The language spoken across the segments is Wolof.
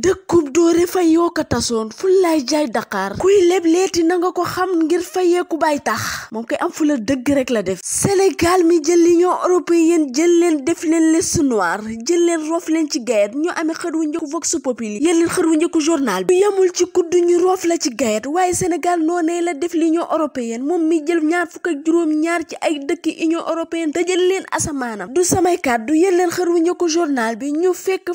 dëkku doore fayoo ko tasoon fullaay jaay Dakar kuy leb leeti na nga ko xam ngir fayeeku bay tax moom koy am fula dëgg rek la def Sénégal mi jël li l'Union européenne jël leen def leen liste noire jël leen roof leen ci gayet ñu amee xër wu njëkku vox populi yéen leen xër wu njëkku journal bi yamul ci kudd ñu roof la ci gayet waaye Sénégal noonee la def l'Union européenne moom mi jël ñaar fukk ak juróom ñaar ci ay dëkk Union européenne te jël leen asamaanam samay kàddu yéen leen xër wu njëkku journal bi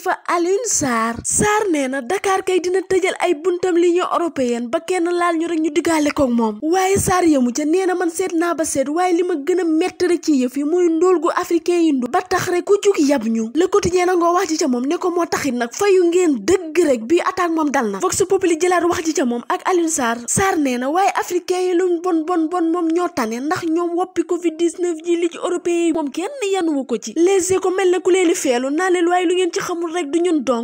fa Alioune Dakar kay dina tëjal ay buntam l'Union européenne ba kenn laal ñu rek ñu diggaale koog moom waaye Sarr yamu ca nee na man seet naa ba seet waaye li ma gën a métti rek ci yëf yi mooy ndóol gu africain yi ndu ba tax rek ku jug yab ñu le quotidien nangoo wax ci ca moom ne ko moo taxit nag fayu ngeen dëgg rek bii attaque moom dal na Vox Populi jëlaat wax ci ca moom ak Alioune Sarr Sarr nee na waaye africain yi lu bon bon bon moom ñoo tane ndax ñoom woppi covid ko ci léegi ko mel na ku leen di feelu naa lu ngeen ci xamul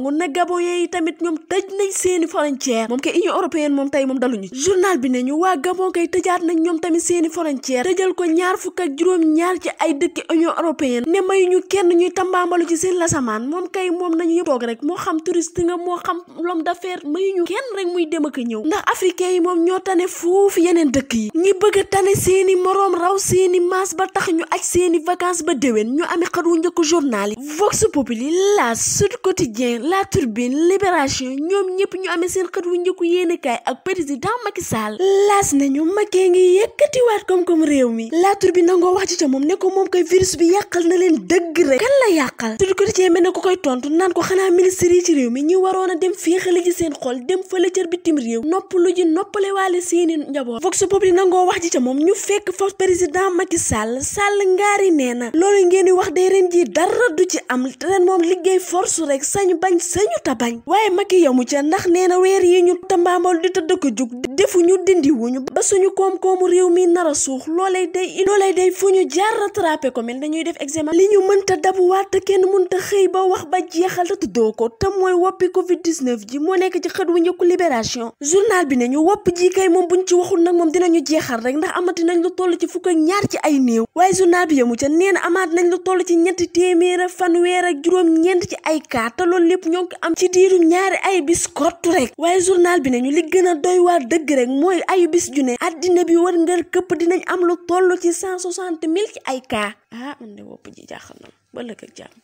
na gabon yi tamit ñoom tëj nañ seeni frontière moom kay union européenne moom tey moom daluñu journal bi ne ñu waa Gabon kay tëjaat nañ ñoom tamit seeni frontière tëjal ko ñaar fukk ak juróom-ñaar ci ay dëkki union européenne ne may ñu kenn ñuy tambaambalu ci seen lasamaan moom kay moom nañu yëpp toog rek moo xam touriste nga moo xam l'homme d'affaires may ñu kenn rek muy dem ak ñëw ndax africain yi moom ñoo tane foofu yeneen dëkk yi ñi bëgg a tane seeni moroom raw seeni maas ba ñu aj seeni vacances ba déwén ñu amee xat wu njëkk journal yi Vox Populi la Sud ñoom ñëpp ñu amee seen xët wu njëkku yéenekaay ak président Macky Sall laas nañu Macky ngi yëkkatiwaat koom-koom réew mi laa tur bi nangoo wax ci ca moom ne ko moom na leen dëgg rek kan la ko koy tontu naan ko xanaa ministre yi ci réew mi ñu waroon a dem féexale ji seen xol dem fële cër bitim réew nopp lu ji noppale waale seeni njaboot vox populi nangoo wax ji ca moom ñu fekk fa président Macky Sall Sall ngaari nee na loolu ngeen di wax de ren ji dara du ci am ren moom liggéey force rek sañu bañ sañu ta bañ waaye Macky yow yamu ca ndax nee na weer yi ñu tambaambal di tëdd ko jug defu ñu dindi ba suñu koom-koomu réew mi nar a suux loolay day loolay day fu ñu jaar rattrapé ko mel dañuy def examen li ñu mënta dabuwaat te kenn mënta xëy ba wax ba jeexal te tuddoo ko te mooy woppi covid 19 ji moo nekk ci xët wu njëkku libération journal bi nañu wopp ji kay moom buñ ci waxul nag moom dinañu jeexal rek ndax amati nañ lu toll ci fukk ak ci ay néew waaye journal bi yamu ca nee na amaat nañ lu toll ci ñetti téeméer ak fanweer ak juróom ñeent ci ay ayubis kott rek waaye journal bi ne ñu li gën a doy waar dëgg rek mooy ayubis ju ne addina bi war ngeen këpp dinañ am lu toll ci cent soixante mille ci ay cas ah man de wopp ji jaaxal na ma ba lëkk ak jàmm